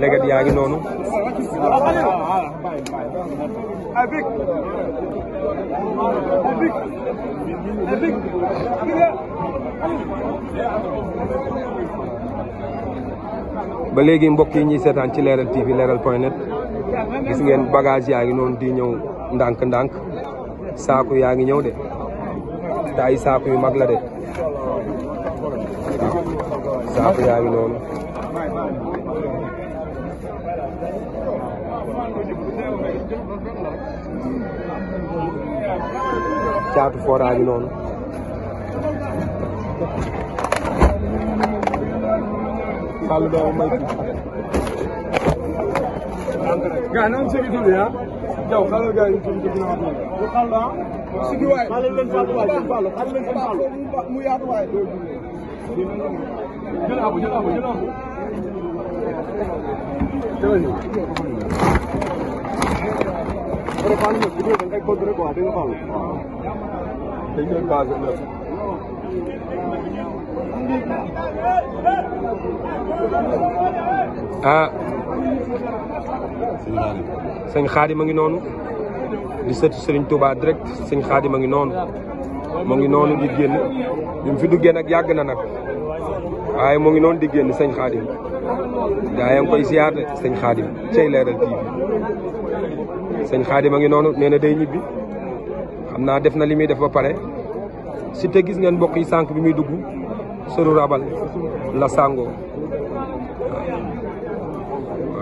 légat ah, yaa ngi noonu avec avec avec ba léegi mbokk yi ñuy seetaan ci leeral TV leeral point net gis ngeen bagage yaa ngi noonu di ñëw ndànk-ndànk saaku yaa ngi ñëw de te ay saaku yu mag la de saaku yaa ngi noonu caatu foora Kallı devamlı Gel nam segi dur ya. Jaw xalal gaay ñu ci dina wax. Bu xal la. Sigi waay. Ma leen leen fàllu waay, fàllu. Xal leen fàllu. Mu yaatu waay. Jël abu, jël abu, jël abu. Jël ñu. Pero fàllu ñu bu doon ay bëgg rek waa di nga fàllu. Dañ leen baase la. a ah. sëñ Xaadim a ngi noonu di sët Serigne Touba direct sëñ Xaadim a ngi noonu moo ngi noonu di génn ñu fi duggee nag yàgg na nag waaye moo ngi noonu di génn sëñ Xaadim gaa yaa ngi koy siyaar sëñ Xaadim cey leeral TV sëñ Xaadim a ngi noonu nee na ñibbi xam naa def na li muy def ba pare si te gis ngeen mbokk yi sànq bi muy dugg sëru la sàngoo